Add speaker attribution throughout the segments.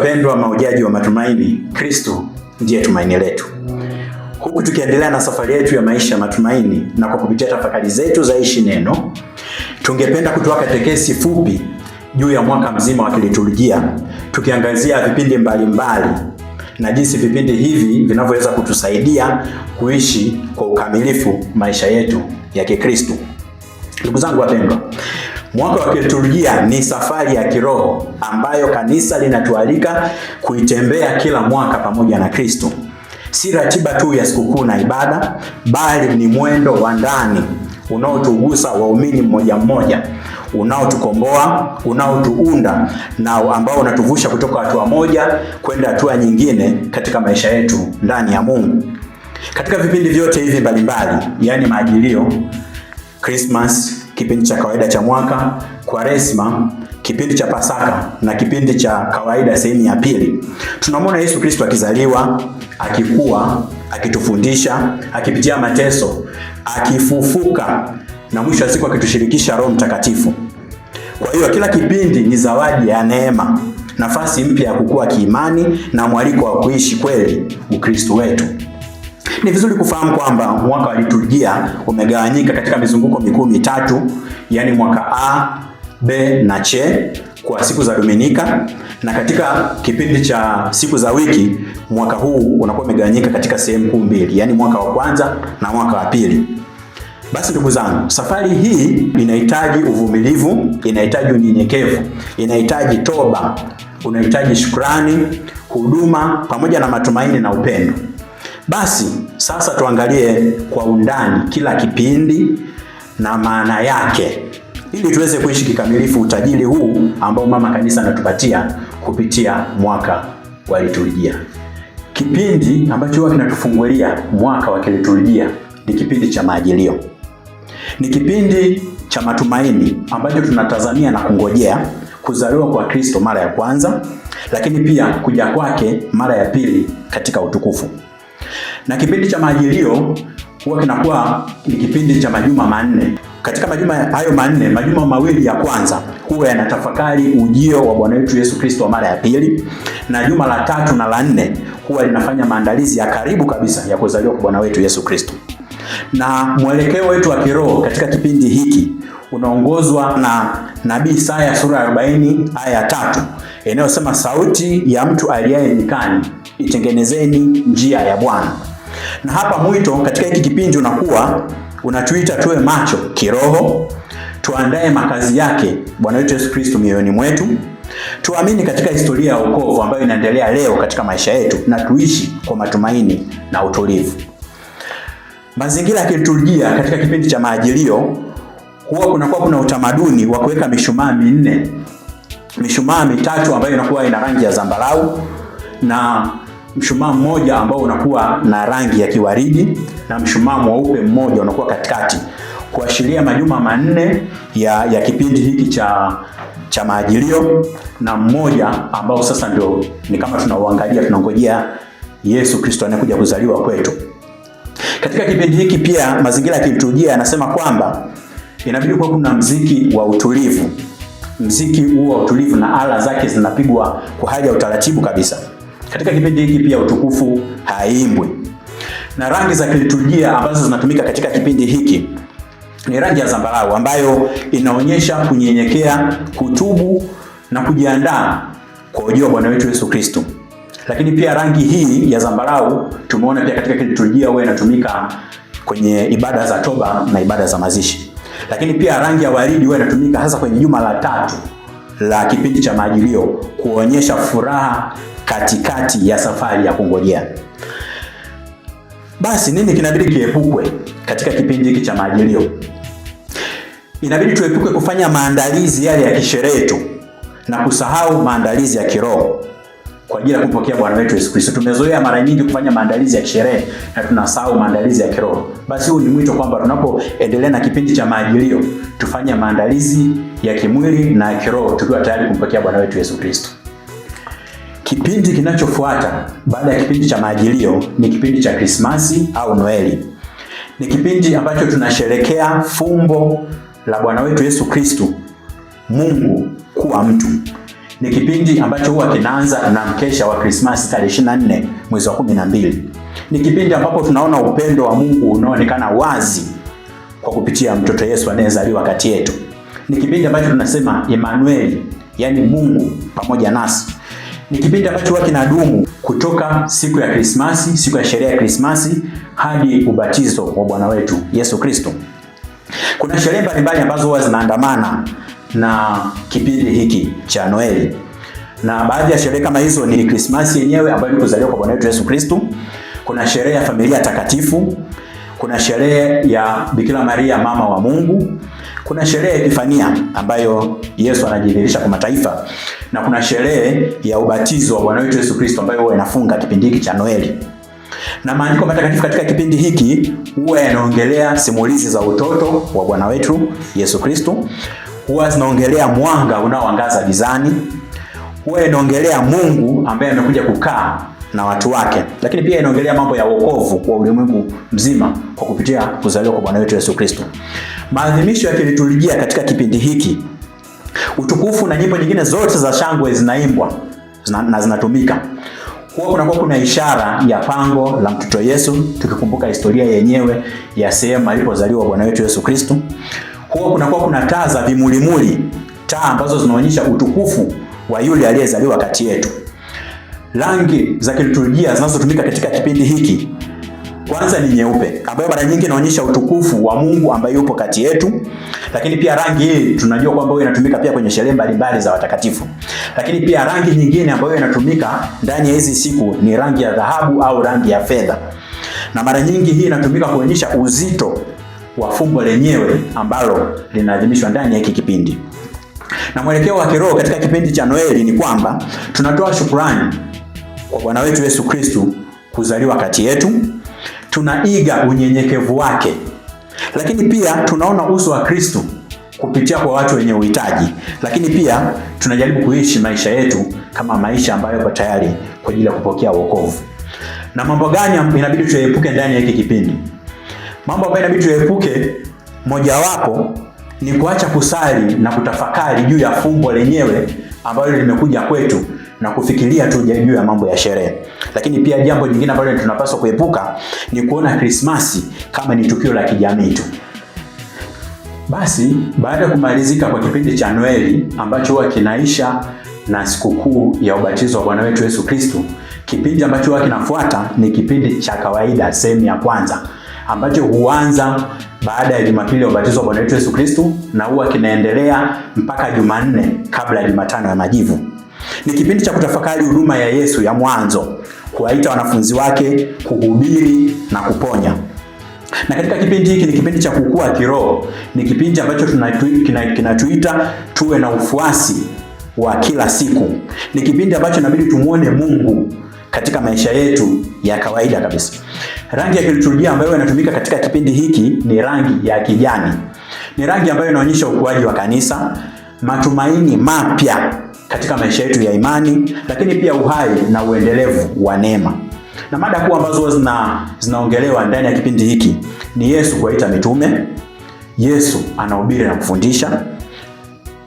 Speaker 1: Wapendwa maujaji wa matumaini, Kristo ndiye tumaini letu. Huku tukiendelea na safari yetu ya maisha ya matumaini na kwa kupitia tafakari zetu za Ishi Neno, tungependa kutoa katekesi fupi juu ya mwaka mzima wa kiliturujia, tukiangazia vipindi mbalimbali mbali, na jinsi vipindi hivi vinavyoweza kutusaidia kuishi kwa ukamilifu maisha yetu ya Kikristo. Ndugu zangu wapendwa, Mwaka wa kiliturujia ni safari ya kiroho ambayo kanisa linatualika kuitembea kila mwaka pamoja na Kristo. Si ratiba tu ya sikukuu na ibada, bali ni mwendo wa ndani unaotugusa waumini mmoja mmoja, unaotukomboa, unaotuunda na ambao unatuvusha kutoka hatua moja kwenda hatua nyingine katika maisha yetu ndani ya Mungu. Katika vipindi vyote hivi mbalimbali, yaani maajilio Christmas kipindi cha kawaida cha mwaka, Kwaresma, kipindi cha Pasaka na kipindi cha kawaida sehemu ya pili, tunamwona Yesu Kristo akizaliwa, akikuwa, akitufundisha, akipitia mateso, akifufuka na mwisho wa siku akitushirikisha Roho Mtakatifu. Kwa hiyo kila kipindi ni zawadi ya neema, nafasi mpya ya kukua kiimani na mwaliko wa kuishi kweli Ukristo wetu. Ni vizuri kufahamu kwamba mwaka wa liturujia umegawanyika katika mizunguko mikuu mitatu, yaani mwaka A, B na C kwa siku za Dominika, na katika kipindi cha siku za wiki mwaka huu unakuwa umegawanyika katika sehemu kuu mbili, yaani mwaka wa kwanza na mwaka wa pili. Basi ndugu zangu, safari hii inahitaji uvumilivu, inahitaji unyenyekevu, inahitaji toba, unahitaji shukrani, huduma pamoja na matumaini na upendo. Basi sasa tuangalie kwa undani kila kipindi na maana yake ili tuweze kuishi kikamilifu utajiri huu ambao mama kanisa anatupatia kupitia mwaka wa liturujia. Kipindi ambacho huwa kinatufungulia mwaka wa kiliturujia ni kipindi cha Majilio, ni kipindi cha matumaini ambacho tunatazamia na kungojea kuzaliwa kwa Kristo mara ya kwanza, lakini pia kuja kwake mara ya pili katika utukufu na kipindi cha majilio huwa kinakuwa ni kipindi cha majuma manne. Katika majuma hayo manne, majuma mawili ya kwanza huwa yanatafakari ujio wa Bwana wetu Yesu Kristo mara ya pili, na juma la tatu na la nne huwa linafanya maandalizi ya karibu kabisa ya kuzaliwa kwa Bwana wetu Yesu Kristo. Na mwelekeo wetu wa kiroho katika kipindi hiki unaongozwa na nabii Isaya sura ya 40 aya ya tatu inayosema, sauti ya mtu aliaye nyikani itengenezeni njia ya Bwana. Na hapa mwito katika hiki kipindi unakuwa unatuita tuwe macho kiroho, tuandae makazi yake Bwana wetu Yesu Kristo mioyoni mwetu, tuamini katika historia ya wokovu ambayo inaendelea leo katika maisha yetu, na tuishi kwa matumaini na utulivu. Mazingira ya kiliturujia katika kipindi cha maajilio huwa kunakuwa kuna utamaduni wa kuweka mishumaa minne, mishumaa mitatu ambayo inakuwa ina rangi ya zambarau na mshumaa mmoja ambao unakuwa na rangi ya kiwaridi na mshumaa mweupe mmoja unakuwa katikati kuashiria majuma manne ya, ya kipindi hiki cha cha maajilio na mmoja ambao sasa ndio ni kama tunauangalia, tunangojea Yesu Kristo anakuja kuzaliwa kwetu. Katika kipindi hiki pia mazingira ya kiliturujia yanasema kwamba inabidi kuwa kuna mziki wa utulivu. Mziki huo wa utulivu na ala zake zinapigwa kwa hali ya utaratibu kabisa. Katika kipindi hiki pia utukufu haimbwi, na rangi za kiliturujia ambazo zinatumika katika kipindi hiki ni rangi ya zambarau ambayo inaonyesha kunyenyekea, kutubu na kujiandaa kwa ujio wa Bwana wetu Yesu Kristo. Lakini pia rangi hii ya zambarau tumeona pia katika kiliturujia huwa inatumika kwenye ibada za toba na ibada za mazishi. Lakini pia rangi ya waridi huwa inatumika hasa kwenye juma la tatu la kipindi cha Majilio kuonyesha furaha katikati ya safari ya kungojea. Basi nini kinabidi kiepukwe katika kipindi hiki cha Majilio? Inabidi tuepuke kufanya maandalizi yale ya kisherehe tu na kusahau maandalizi ya kiroho kwa ajili ya kumpokea Bwana wetu Yesu Kristo. Tumezoea mara nyingi kufanya maandalizi ya kisherehe na tunasahau maandalizi ya kiroho. Basi huu ni mwito kwamba tunapoendelea na kipindi cha Majilio tufanye maandalizi ya kimwili na kiroho tukiwa tayari kumpokea Bwana wetu Yesu Kristo. Kipindi kinachofuata baada ya kipindi cha maajilio ni kipindi cha Krismasi au Noeli. Ni kipindi ambacho tunasherekea fumbo la Bwana wetu Yesu kristu Mungu kuwa mtu. Ni kipindi ambacho huwa kinaanza na mkesha wa Krismasi tarehe 24 mwezi wa 12. Ni kipindi ambapo tunaona upendo wa Mungu unaoonekana wazi kwa kupitia mtoto Yesu anayezaliwa kati yetu. Ni kipindi ambacho tunasema Emanueli, yaani Mungu pamoja nasi ni kipindi ambacho huwa kinadumu kutoka siku ya Krismasi, siku ya sherehe ya Krismasi hadi ubatizo wa Bwana wetu Yesu Kristo. Kuna sherehe mbalimbali ambazo huwa zinaandamana na kipindi hiki cha Noeli, na baadhi ya sherehe kama hizo ni Krismasi yenyewe ambayo ni kuzaliwa kwa Bwana wetu Yesu Kristo. Kuna sherehe ya familia takatifu, kuna sherehe ya Bikira Maria mama wa Mungu, kuna sherehe ya Epifania ambayo Yesu anajidhihirisha kwa mataifa na kuna sherehe ya ubatizo wa Bwana wetu Yesu Kristo ambayo huwa inafunga kipindi hiki cha Noeli. Na maandiko matakatifu katika kipindi hiki huwa yanaongelea simulizi za utoto wa Bwana wetu Yesu Kristo, huwa zinaongelea mwanga unaoangaza gizani, huwa inaongelea Mungu ambaye amekuja kukaa na watu wake, lakini pia inaongelea mambo ya wokovu wa ulimwengu mzima kwa kupitia kuzaliwa kwa Bwana wetu Yesu Kristo. Maadhimisho ya kiliturujia katika kipindi hiki, utukufu na nyimbo nyingine zote za shangwe zinaimbwa zina, na zinatumika huwa kunakuwa kuna ishara ya pango la mtoto Yesu, tukikumbuka historia yenyewe ya sehemu alipozaliwa Bwana wetu Yesu Kristo. Huwa kunakuwa kuna taa za vimulimuli, taa ambazo zinaonyesha utukufu wa yule aliyezaliwa kati yetu. Rangi za kiliturujia zinazotumika katika kipindi hiki, kwanza ni nyeupe, ambayo mara nyingi inaonyesha utukufu wa Mungu ambaye yupo kati yetu, lakini pia rangi hii tunajua kwamba inatumika pia kwenye sherehe mbalimbali za watakatifu. Lakini pia rangi nyingine ambayo inatumika ndani ya hizi siku ni rangi ya dhahabu au rangi ya fedha, na mara nyingi hii inatumika kuonyesha uzito wa fumbo lenyewe ambalo linaadhimishwa ndani ya hiki kipindi. Na mwelekeo wa kiroho katika kipindi cha Noeli ni kwamba tunatoa shukrani kwa Bwana wetu Yesu Kristu kuzaliwa kati yetu, tunaiga unyenyekevu wake, lakini pia tunaona uso wa Kristu kupitia kwa watu wenye uhitaji, lakini pia tunajaribu kuishi maisha yetu kama maisha ambayo yako tayari kwa ajili ya kupokea wokovu. Na mambo gani inabidi tuyaepuke ndani ya hiki kipindi? Mambo ambayo inabidi tuyaepuke, mojawapo ni kuacha kusali na kutafakari juu ya fumbo lenyewe ambalo limekuja kwetu na kufikiria tu juu ya mambo ya sherehe. Lakini pia jambo jingine ambalo tunapaswa kuepuka ni kuona Krismasi kama ni tukio la kijamii tu. Basi baada ya kumalizika kwa kipindi cha Noeli ambacho huwa kinaisha na sikukuu ya ubatizo wa Bwana wetu Yesu Kristo, kipindi ambacho huwa kinafuata ni kipindi cha kawaida, sehemu ya kwanza, ambacho huanza baada ya Jumapili ya ubatizo wa Bwana wetu Yesu Kristo na huwa kinaendelea mpaka Jumanne kabla ya Jumatano ya Majivu. Ni kipindi cha kutafakari huduma ya Yesu ya mwanzo, kuwaita wanafunzi wake, kuhubiri na kuponya. Na katika kipindi hiki ni kipindi cha kukua kiroho, ni kipindi ambacho kinatuita tuwe na ufuasi wa kila siku. Ni kipindi ambacho inabidi tumuone Mungu katika maisha yetu ya kawaida kabisa. Rangi ya kiliturujia ambayo inatumika katika kipindi hiki ni rangi ya kijani. Ni rangi ambayo inaonyesha ukuaji wa kanisa, matumaini mapya katika maisha yetu ya imani, lakini pia uhai na uendelevu wa neema. Na mada kuu ambazo zina zinaongelewa ndani ya kipindi hiki ni Yesu kuwaita mitume, Yesu anahubiri na kufundisha,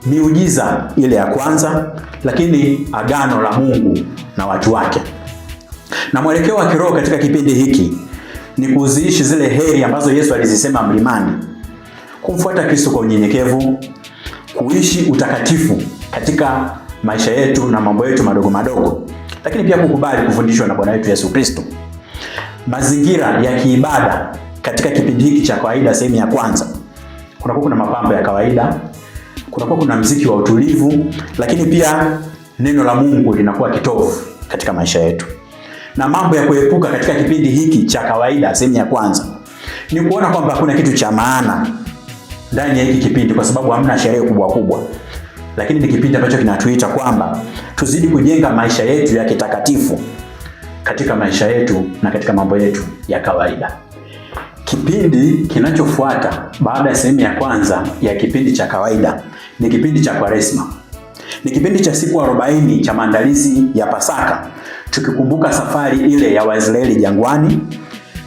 Speaker 1: miujiza ile ya kwanza, lakini agano la Mungu na watu wake. Na mwelekeo wa kiroho katika kipindi hiki ni kuziishi zile heri ambazo Yesu alizisema mlimani, kumfuata Kristo kwa unyenyekevu, kuishi utakatifu katika maisha yetu na mambo yetu madogo madogo, lakini pia kukubali kufundishwa na Bwana wetu Yesu Kristo. Mazingira ya kiibada katika kipindi hiki cha kawaida, sehemu ya kwanza, kunakuwa kuna mapambo ya kawaida, kunakuwa kuna mziki wa utulivu, lakini pia neno la Mungu linakuwa kitovu katika maisha yetu. Na mambo ya kuepuka katika kipindi hiki cha kawaida, sehemu ya kwanza, ni kuona kwamba kuna kitu cha maana ndani ya hiki kipindi, kwa sababu hamna sherehe kubwa kubwa lakini ni kipindi ambacho kinatuita kwamba tuzidi kujenga maisha yetu ya kitakatifu katika maisha yetu na katika mambo yetu ya kawaida. Kipindi kinachofuata baada ya sehemu ya kwanza ya kipindi cha kawaida ni kipindi cha Kwaresma, ni kipindi cha siku 40 cha maandalizi ya Pasaka, tukikumbuka safari ile ya Waisraeli jangwani,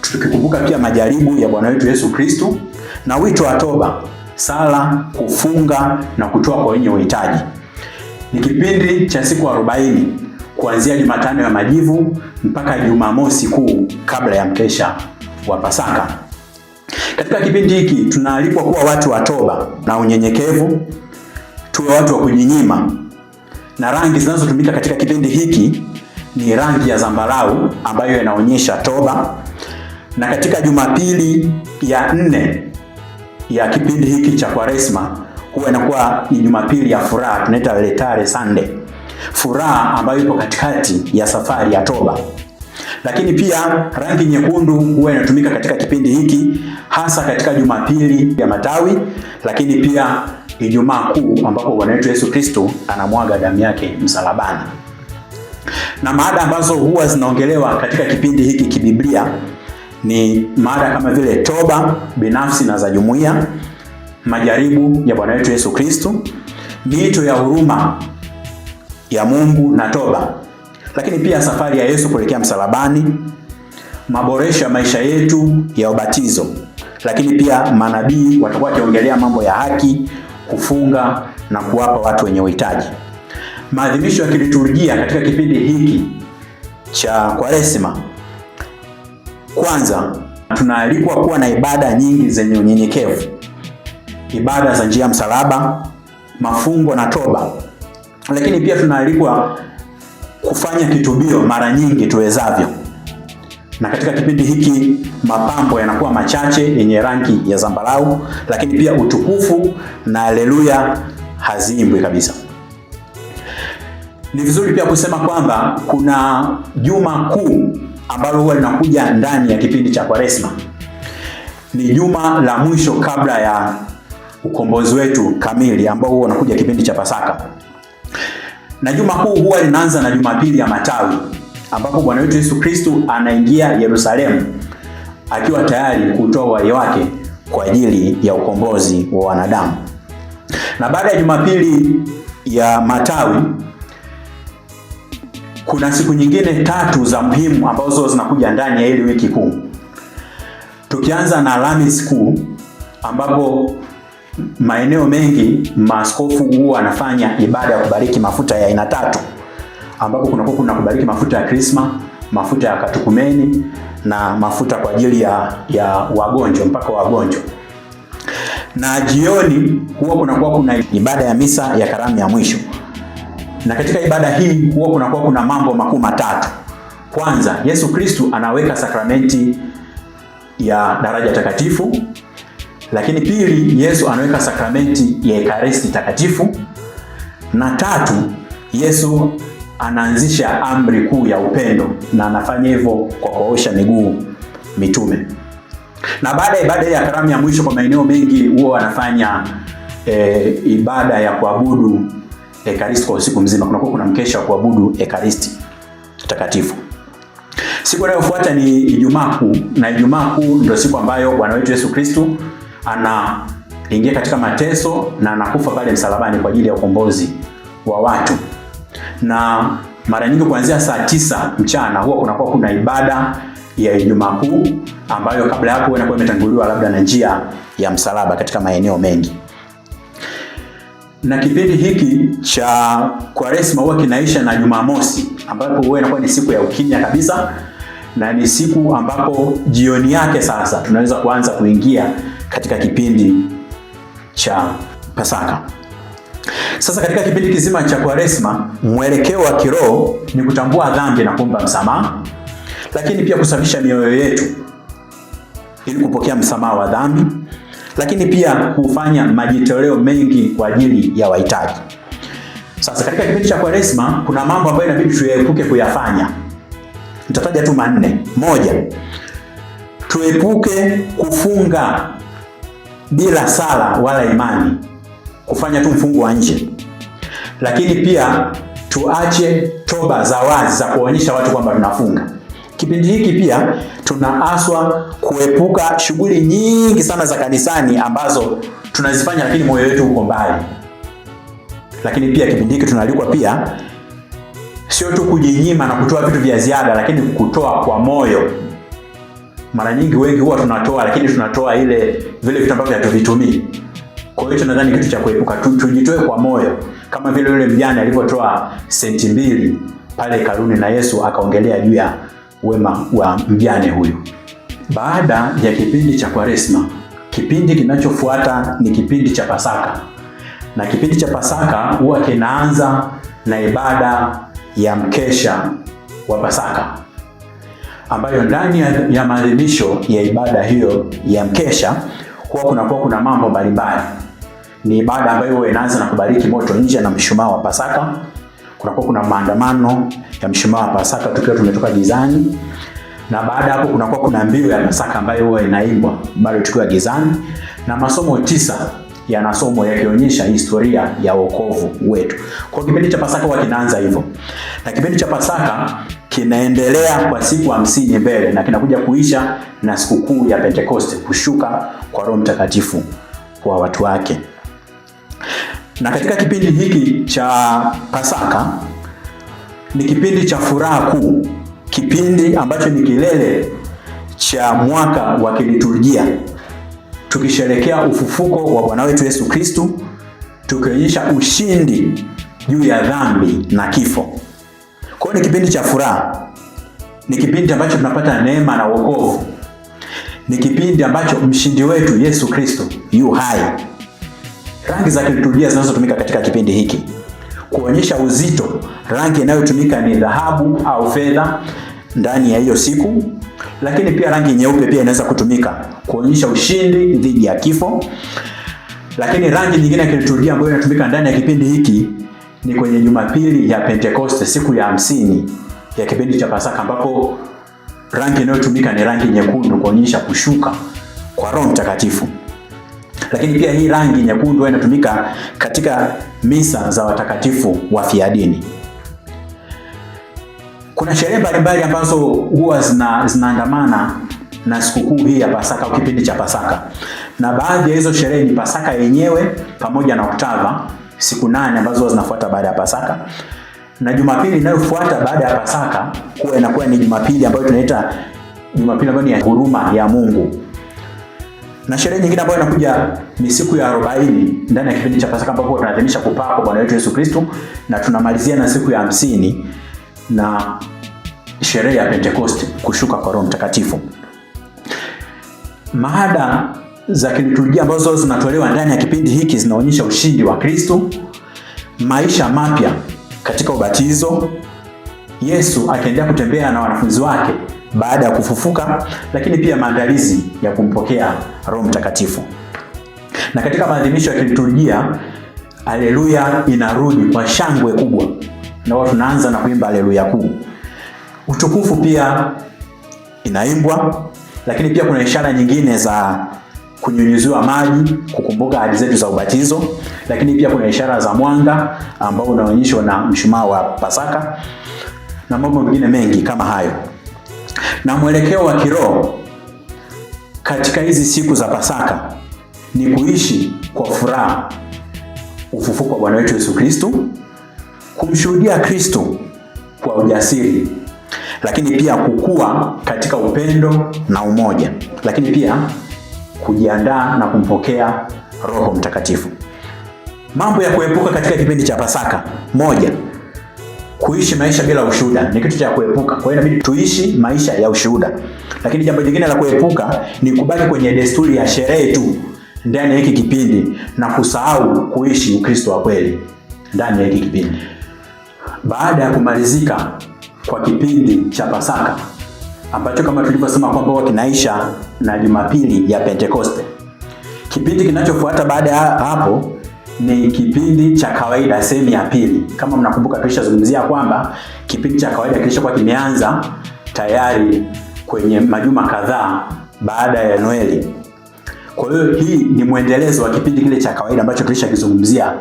Speaker 1: tukikumbuka pia majaribu ya Bwana wetu Yesu kristu na wito wa toba sala, kufunga na kutoa kwa wenye uhitaji. Ni kipindi cha siku arobaini kuanzia Jumatano ya Majivu mpaka Jumamosi Kuu kabla ya mkesha wa Pasaka. Katika kipindi hiki tunaalikwa kuwa watu wa toba na unyenyekevu, tuwe watu wa kujinyima, na rangi zinazotumika katika kipindi hiki ni rangi ya zambarau ambayo inaonyesha toba. Na katika Jumapili ya nne ya kipindi hiki cha Kwaresma huwa inakuwa ni Jumapili ya furaha, tunaita letare sande, furaha ambayo ipo katikati ya safari ya toba. Lakini pia rangi nyekundu huwa inatumika katika kipindi hiki hasa katika Jumapili ya Matawi, lakini pia Ijumaa Kuu ambapo Bwana wetu Yesu Kristo anamwaga damu yake msalabani. Na maada ambazo huwa zinaongelewa katika kipindi hiki kibiblia ni mada kama vile toba binafsi na za jumuiya, majaribu ya Bwana wetu Yesu Kristo, miito ya huruma ya Mungu na toba, lakini pia safari ya Yesu kuelekea msalabani, maboresho ya maisha yetu ya ubatizo, lakini pia manabii watakuwa wakiongelea mambo ya haki, kufunga na kuwapa watu wenye uhitaji. Maadhimisho ya kiliturujia katika kipindi hiki cha kwaresima kwanza, tunaalikwa kuwa na ibada nyingi zenye unyenyekevu, ibada za njia ya msalaba, mafungo na toba, lakini pia tunaalikwa kufanya kitubio mara nyingi tuwezavyo. Na katika kipindi hiki mapambo yanakuwa machache yenye rangi ya zambarau, lakini pia utukufu na haleluya hazimbwi kabisa. Ni vizuri pia kusema kwamba kuna juma kuu ambalo huwa linakuja ndani ya kipindi cha Kwaresma. Ni juma la mwisho kabla ya ukombozi wetu kamili ambao huwa unakuja kipindi cha Pasaka, na juma kuu huwa linaanza na Jumapili ya Matawi ambapo Bwana wetu Yesu Kristu anaingia Yerusalemu akiwa tayari kutoa uhai wake kwa ajili ya ukombozi wa wanadamu. Na baada ya Jumapili ya Matawi kuna siku nyingine tatu za muhimu ambazo zinakuja ndani ya ile wiki kuu, tukianza na Alhamisi Kuu ambapo maeneo mengi maaskofu huwa anafanya ibada ya kubariki mafuta ya aina tatu, ambapo kunakuwa kuna kubariki mafuta ya krisma, mafuta ya katukumeni na mafuta kwa ajili ya, ya wagonjwa mpaka wagonjwa. Na jioni huwa kunakuwa kuna ibada ya misa ya karamu ya mwisho na katika ibada hii huwa kunakuwa kuna mambo makuu matatu. Kwanza, Yesu Kristu anaweka sakramenti ya daraja takatifu, lakini pili, Yesu anaweka sakramenti ya ekaristi takatifu, na tatu, Yesu anaanzisha amri kuu ya upendo na anafanya hivyo kwa kuosha miguu mitume. Na baada ya ibada ya karamu ya mwisho, kwa maeneo mengi huwa wanafanya e, ibada ya kuabudu Ekaristi kwa usiku mzima, kunakuwa kuna mkesha wa kuabudu Ekaristi takatifu. Siku inayofuata ni Ijumaa Kuu, na Ijumaa Kuu ndio siku ambayo Bwana wetu Yesu Kristo anaingia katika mateso na anakufa pale msalabani kwa ajili ya ukombozi wa watu. Na mara nyingi kuanzia saa tisa mchana huwa kunakuwa kuna ibada ya Ijumaa Kuu ambayo kabla hapo inakuwa imetanguliwa labda na njia ya msalaba katika maeneo mengi na kipindi hiki cha Kwaresma huwa kinaisha na Jumamosi, ambapo huwa inakuwa ni siku ya ukimya kabisa, na ni siku ambapo jioni yake sasa tunaweza kuanza kuingia katika kipindi cha Pasaka. Sasa katika kipindi kizima cha Kwaresma, mwelekeo wa kiroho ni kutambua dhambi na kuomba msamaha, lakini pia kusafisha mioyo yetu ili kupokea msamaha wa dhambi lakini pia hufanya majitoleo mengi kwa ajili ya wahitaji. Sasa katika kipindi cha Kwaresma kuna mambo ambayo inabidi tuepuke kuyafanya. Nitataja tu manne. Moja, tuepuke kufunga bila sala wala imani, kufanya tu mfungo wa nje. Lakini pia tuache toba za wazi za kuonyesha watu kwamba tunafunga. Kipindi hiki pia tunaaswa kuepuka shughuli nyingi sana za kanisani ambazo tunazifanya lakini moyo wetu uko mbali. Lakini pia kipindi hiki tunaalikwa pia sio tu kujinyima na kutoa vitu vya ziada, lakini kutoa kwa moyo. Mara nyingi wengi huwa tunatoa, lakini tunatoa ile vile vitu ambavyo hatuvitumii. Kwa hiyo tunadhani kitu cha kuepuka, tu, tujitoe kwa moyo, kama vile yule mjane alivyotoa senti mbili pale karuni na Yesu akaongelea juu ya wema wa mjane huyu. Baada ya kipindi cha Kwaresma, kipindi kinachofuata ni kipindi cha Pasaka, na kipindi cha Pasaka huwa kinaanza na ibada ya mkesha wa Pasaka, ambayo ndani ya maadhimisho ya ibada hiyo ya mkesha huwa kunakuwa kuna mambo mbalimbali. Ni ibada ambayo huwa inaanza na kubariki moto nje na mshumaa wa Pasaka kunakuwa kuna maandamano ya mshumaa wa Pasaka tukiwa tumetoka gizani, na baada hapo kunakuwa kuna mbio ya Pasaka ambayo huwa inaimbwa bado tukiwa gizani, na masomo tisa yanasomwa yakionyesha historia ya wokovu wetu. Kwa kipindi cha Pasaka huwa kinaanza hivyo, na kipindi cha Pasaka kinaendelea kwa siku hamsini mbele na kinakuja kuisha na sikukuu ya Pentekoste, kushuka kwa Roho Mtakatifu kwa watu wake. Na katika kipindi hiki cha Pasaka ni kipindi cha furaha kuu, kipindi ambacho ni kilele cha mwaka wa kiliturujia, tukisherekea ufufuko wa Bwana wetu Yesu kristu tukionyesha ushindi juu ya dhambi na kifo. Kwa hiyo ni kipindi cha furaha, ni kipindi ambacho tunapata neema na wokovu, ni kipindi ambacho mshindi wetu Yesu Kristo yu hai rangi za kiliturujia zinazotumika katika kipindi hiki. Kuonyesha uzito, rangi inayotumika ni dhahabu au fedha ndani ya hiyo siku. Lakini pia rangi nyeupe pia inaweza kutumika kuonyesha ushindi dhidi ya kifo. Lakini rangi nyingine ya kiliturujia ambayo inatumika ndani ya kipindi hiki ni kwenye Jumapili ya Pentekoste, siku ya hamsini ya kipindi cha Pasaka, ambapo rangi inayotumika ni rangi nyekundu kuonyesha kushuka kwa Roho Mtakatifu. Lakini pia hii rangi nyekundu inatumika katika misa za watakatifu fiadini Kuna sherehe mbalimbali ambazo huwa zinaandamana na sikukuu hii ya Pasaka au kipindi cha Pasaka, na baadhi ya hizo sherehe ni Pasaka yenyewe pamoja na oktava, siku nane ambazo huwa zinafuata baada ya Pasaka na Jumapili inayofuata baada ya Pasaka kuwa inakuwa ni Jumapili ambayo tunaita Jumapili ambayo ni ya huruma ya Mungu. Na sherehe nyingine ambayo inakuja ni siku ya 40 ndani ya kipindi cha Pasaka ambapo tunaadhimisha kupaa kwa Bwana wetu Yesu Kristo na tunamalizia na siku ya hamsini na sherehe ya Pentecost, kushuka kwa Roho Mtakatifu. Maada za kiliturujia ambazo zinatolewa ndani ya kipindi hiki zinaonyesha ushindi wa Kristo, maisha mapya katika ubatizo, Yesu akiendelea kutembea na wanafunzi wake baada ya kufufuka, lakini pia maandalizi ya kumpokea Roho Mtakatifu. Na katika maadhimisho ya kiliturujia, Haleluya inarudi kwa shangwe kubwa, na tunaanza na kuimba Haleluya kuu. Utukufu pia inaimbwa, lakini pia kuna ishara nyingine za kunyunyuziwa maji kukumbuka ahadi zetu za ubatizo, lakini pia kuna ishara za mwanga ambao unaonyeshwa na mshumaa wa Pasaka na mambo mengine mengi kama hayo na mwelekeo wa kiroho katika hizi siku za Pasaka ni kuishi kwa furaha ufufuko wa Bwana wetu Yesu Kristo, kumshuhudia Kristo kwa ujasiri, lakini pia kukua katika upendo na umoja, lakini pia kujiandaa na kumpokea Roho Mtakatifu. Mambo ya kuepuka katika kipindi cha Pasaka: moja, kuishi maisha bila ushuhuda ni kitu cha kuepuka. Kwa hiyo inabidi tuishi maisha ya ushuhuda. Lakini jambo jingine la kuepuka ni kubaki kwenye desturi ya sherehe tu ndani ya hiki kipindi na kusahau kuishi Ukristo wa kweli ndani ya hiki kipindi. Baada ya kumalizika kwa kipindi cha Pasaka ambacho kama tulivyosema kwamba huwa kinaisha na Jumapili ya Pentekoste, kipindi kinachofuata baada ya hapo ni kipindi cha kawaida sehemu ya pili. Kama mnakumbuka, tulishazungumzia kwamba kipindi cha kawaida kilichokuwa kimeanza tayari kwenye majuma kadhaa baada ya Noeli. Kwa hiyo hii ni mwendelezo wa kipindi kile cha kawaida ambacho tulishakizungumzia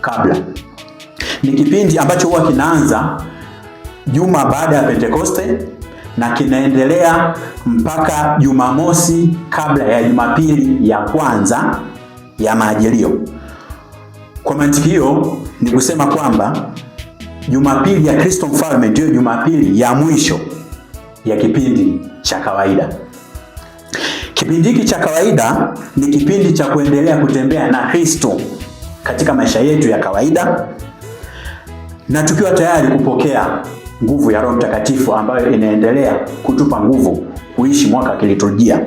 Speaker 1: kabla. Ni kipindi ambacho huwa kinaanza juma baada ya Pentekoste na kinaendelea mpaka Jumamosi kabla ya Jumapili ya kwanza ya maajilio kwa mantiki hiyo ni kusema kwamba Jumapili ya Kristo Mfalme ndiyo Jumapili ya mwisho ya kipindi cha kawaida. Kipindi hiki cha kawaida ni kipindi cha kuendelea kutembea na Kristo katika maisha yetu ya kawaida na tukiwa tayari kupokea nguvu ya Roho Mtakatifu ambayo inaendelea kutupa nguvu kuishi mwaka wa kiliturujia.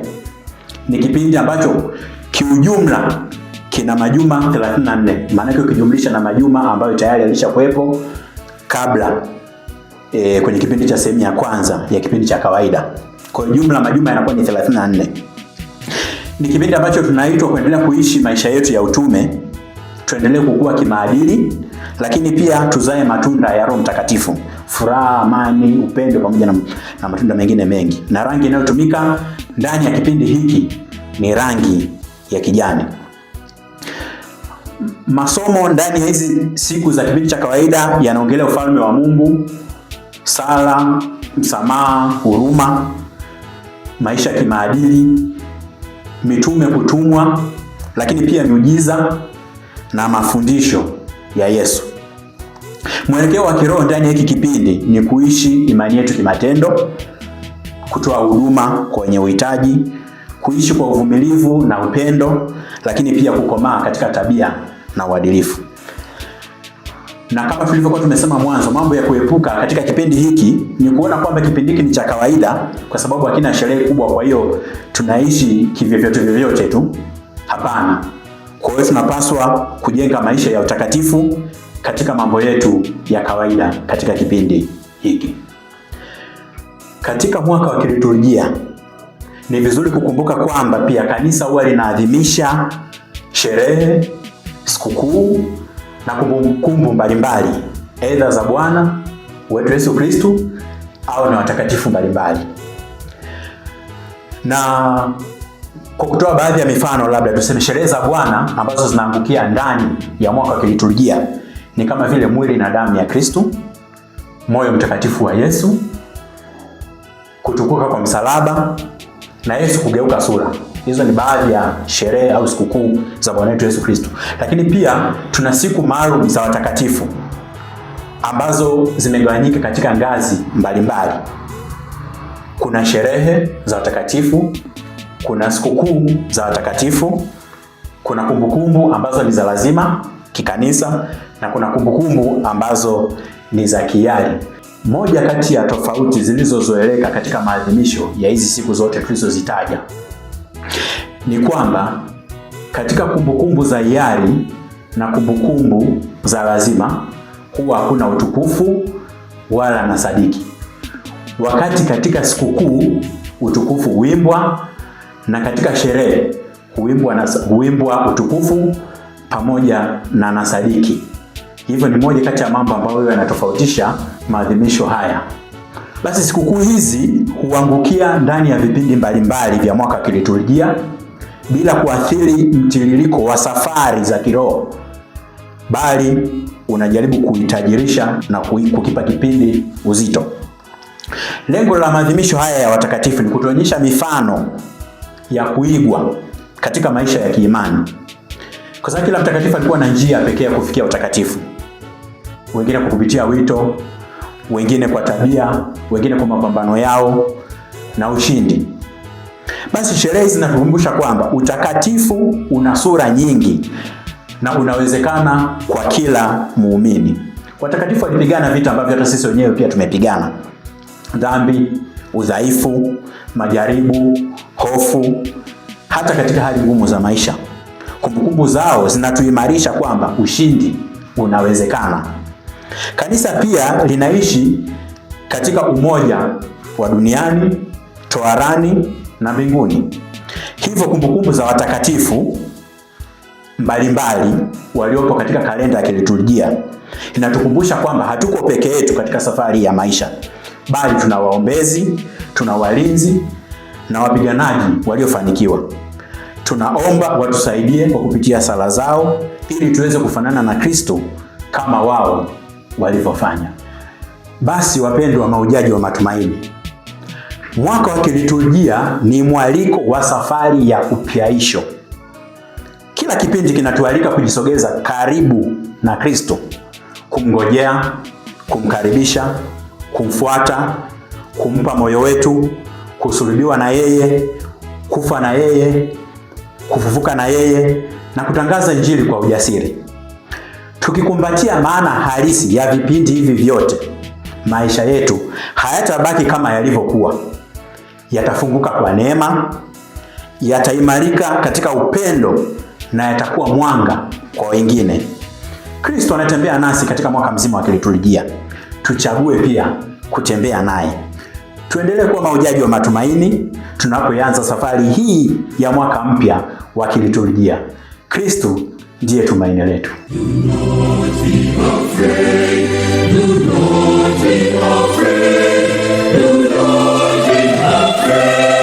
Speaker 1: Ni kipindi ambacho kiujumla kina majuma 34 maanake ukijumlisha na majuma ambayo tayari yalishakuwepo kabla e, kwenye kipindi cha sehemu ya kwanza ya kipindi cha kawaida. Kwa hiyo jumla majuma yanakuwa ni 34. Ni kipindi ambacho tunaitwa kuendelea kuishi maisha yetu ya utume, tuendelee kukua kimaadili, lakini pia tuzae matunda ya Roho Mtakatifu: furaha, amani, upendo pamoja na, na matunda mengine mengi. Na rangi inayotumika ndani ya kipindi hiki ni rangi ya kijani. Masomo ndani ya hizi siku za kipindi cha kawaida yanaongelea ufalme wa Mungu, sala, msamaha, huruma, maisha ya kimaadili, mitume kutumwa, lakini pia miujiza na mafundisho ya Yesu. Mwelekeo wa kiroho ndani ya hiki kipindi ni kuishi imani yetu kimatendo, kutoa huduma kwa wenye uhitaji, kuishi kwa uvumilivu na upendo, lakini pia kukomaa katika tabia na uadilifu. Na kama tulivyokuwa tumesema mwanzo, mambo ya kuepuka katika kipindi hiki ni kuona kwamba kipindi hiki ni cha kawaida, kwa sababu hakina sherehe kubwa, kwa hiyo tunaishi kivyovyote vyovyote tu. Hapana. Kwa hiyo tunapaswa kujenga maisha ya utakatifu katika mambo yetu ya kawaida katika kipindi hiki. Katika mwaka wa kiliturujia ni vizuri kukumbuka kwamba pia kanisa huwa linaadhimisha sherehe sikukuu na kumbukumbu mbalimbali, aidha za Bwana wetu Yesu Kristo au na watakatifu mbalimbali. Na kwa kutoa baadhi ya mifano, labda tuseme sherehe za Bwana ambazo zinaangukia ndani ya mwaka wa kiliturujia ni kama vile mwili na damu ya Kristo, moyo mtakatifu wa Yesu, kutukuka kwa msalaba na Yesu kugeuka sura. Hizo ni baadhi ya sherehe au sikukuu za Bwana wetu Yesu Kristo, lakini pia tuna siku maalum za watakatifu ambazo zimegawanyika katika ngazi mbalimbali mbali. Kuna sherehe za watakatifu, kuna sikukuu za watakatifu, kuna kumbukumbu ambazo ni za lazima kikanisa na kuna kumbukumbu ambazo ni za kiari. Moja kati ya tofauti zilizozoeleka katika maadhimisho ya hizi siku zote tulizozitaja ni kwamba katika kumbukumbu za hiari na kumbukumbu za lazima huwa hakuna utukufu wala na sadiki, wakati katika sikukuu utukufu huimbwa na katika sherehe huimbwa na huimbwa utukufu pamoja na nasadiki. Hivyo ni moja kati ya mambo ambayo yanatofautisha maadhimisho haya. Basi sikukuu hizi huangukia ndani ya vipindi mbalimbali vya mwaka wa kiliturujia bila kuathiri mtiririko wa safari za kiroho, bali unajaribu kuitajirisha na kukipa kipindi uzito. Lengo la maadhimisho haya ya watakatifu ni kutuonyesha mifano ya kuigwa katika maisha ya kiimani, kwa sababu kila mtakatifu alikuwa na njia pekee ya kufikia utakatifu, wengine kwa kupitia wito, wengine kwa tabia, wengine kwa mapambano yao na ushindi. Basi sherehe zinatukumbusha kwamba utakatifu una sura nyingi na unawezekana kwa kila muumini. Watakatifu walipigana vita ambavyo hata sisi wenyewe pia tumepigana: dhambi, udhaifu, majaribu, hofu, hata katika hali ngumu za maisha. Kumbukumbu zao zinatuimarisha kwamba ushindi unawezekana. Kanisa pia linaishi katika umoja wa duniani, toharani na mbinguni. Hivyo kumbukumbu za watakatifu mbalimbali waliopo katika kalenda ya kiliturujia inatukumbusha kwamba hatuko peke yetu katika safari ya maisha, bali tuna waombezi, tuna walinzi na wapiganaji waliofanikiwa. Tunaomba watusaidie kwa kupitia sala zao, ili tuweze kufanana na Kristo kama wao walivyofanya. Basi wapendwa, mahujaji wa matumaini Mwaka wa kiliturujia ni mwaliko wa safari ya upyaisho. Kila kipindi kinatualika kujisogeza karibu na Kristo, kumngojea, kumkaribisha, kumfuata, kumpa moyo wetu, kusulubiwa na yeye, kufa na yeye, kufufuka na yeye na kutangaza Injili kwa ujasiri. Tukikumbatia maana halisi ya vipindi hivi vyote, maisha yetu hayatabaki kama yalivyokuwa yatafunguka kwa neema, yataimarika katika upendo na yatakuwa mwanga kwa wengine. Kristo anatembea nasi katika mwaka mzima wa kiliturujia. Tuchague pia kutembea naye. Tuendelee kuwa mahujaji wa matumaini tunapoanza safari hii ya mwaka mpya wa kiliturujia. Kristo ndiye tumaini letu. Do not be afraid. Do not be afraid. Do not... Música